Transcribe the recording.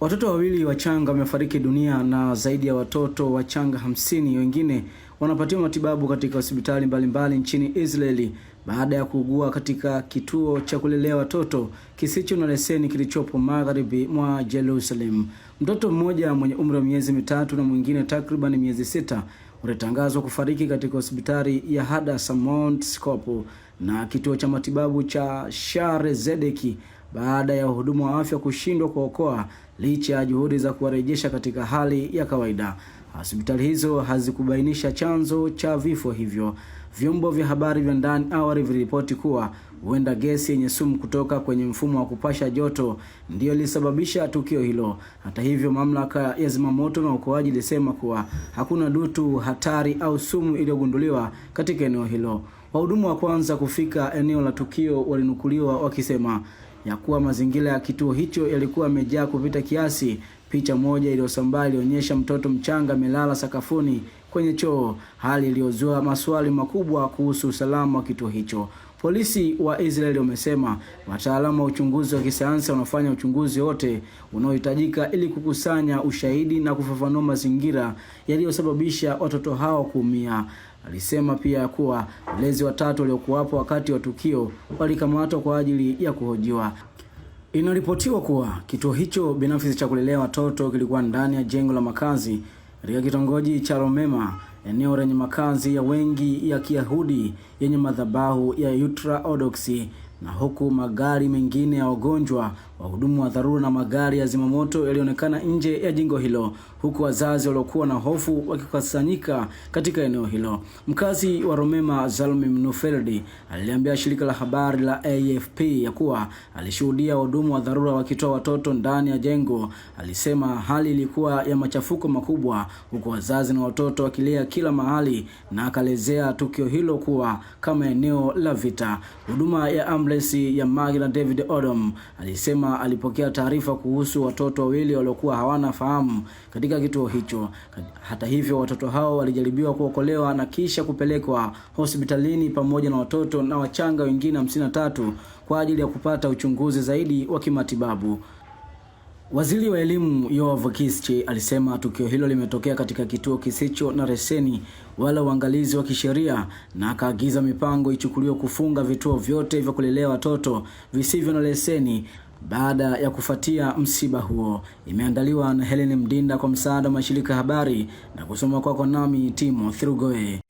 Watoto wawili wachanga wamefariki dunia na zaidi ya watoto wachanga hamsini wengine wanapatiwa matibabu katika hospitali mbalimbali nchini Israeli baada ya kuugua katika kituo cha kulelea watoto kisicho na leseni kilichopo magharibi mwa Jerusalem. Mtoto mmoja mwenye umri wa miezi mitatu na mwingine takriban miezi sita ulitangazwa kufariki katika hospitali ya Hadassah Mount Scop na kituo cha matibabu cha Share Zedeki baada ya wahudumu wa afya kushindwa kuokoa licha ya juhudi za kuwarejesha katika hali ya kawaida. Hospitali hizo hazikubainisha chanzo cha vifo hivyo. Vyombo vya habari vya ndani awali viliripoti kuwa huenda gesi yenye sumu kutoka kwenye mfumo wa kupasha joto ndiyo ilisababisha tukio hilo. Hata hivyo, mamlaka ya zimamoto na uokoaji ilisema kuwa hakuna dutu hatari au sumu iliyogunduliwa katika eneo hilo. Wahudumu wa kwanza kufika eneo la tukio walinukuliwa wakisema ya kuwa mazingira ya kituo hicho yalikuwa yamejaa kupita kiasi. Picha moja iliyosambaa ilionyesha mtoto mchanga amelala sakafuni kwenye choo, hali iliyozua maswali makubwa kuhusu usalama wa kituo hicho. Polisi wa Israeli wamesema wataalamu wa uchunguzi wa kisayansi wanafanya uchunguzi wote unaohitajika ili kukusanya ushahidi na kufafanua mazingira yaliyosababisha watoto hao kuumia. Alisema pia kuwa walezi watatu waliokuwapo wakati wa tukio walikamatwa kwa ajili ya kuhojiwa. Inaripotiwa kuwa kituo hicho binafsi cha kulelea watoto kilikuwa ndani ya jengo la makazi katika kitongoji cha Romema, eneo lenye makazi ya wengi ya Kiyahudi yenye madhabahu ya ultra Orthodox, na huku magari mengine ya wagonjwa Wahudumu wa dharura na magari ya zimamoto yalionekana nje ya jengo hilo, huku wazazi waliokuwa na hofu wakikusanyika katika eneo hilo. Mkazi wa Romema Zalmi Mnufeldi aliliambia shirika la habari la AFP ya kuwa alishuhudia wahudumu wa dharura wakitoa watoto ndani ya jengo. Alisema hali ilikuwa ya machafuko makubwa, huku wazazi na watoto wakilia kila mahali, na akaelezea tukio hilo kuwa kama eneo la vita. Huduma ya ambulensi ya Maggie na David Odom alisema alipokea taarifa kuhusu watoto wawili waliokuwa hawana fahamu katika kituo hicho. Hata hivyo, watoto hao walijaribiwa kuokolewa na kisha kupelekwa hospitalini pamoja na watoto na wachanga wengine 53 kwa ajili ya kupata uchunguzi zaidi wa kimatibabu. Waziri wa elimu Yoav Kische alisema tukio hilo limetokea katika kituo kisicho na leseni wala uangalizi wa kisheria, na akaagiza mipango ichukuliwe kufunga vituo vyote vya kulelea watoto visivyo na leseni. Baada ya kufuatia msiba huo, imeandaliwa na Helen Mdinda kwa msaada wa mashirika habari na kusoma kwako, nami timo thrugoe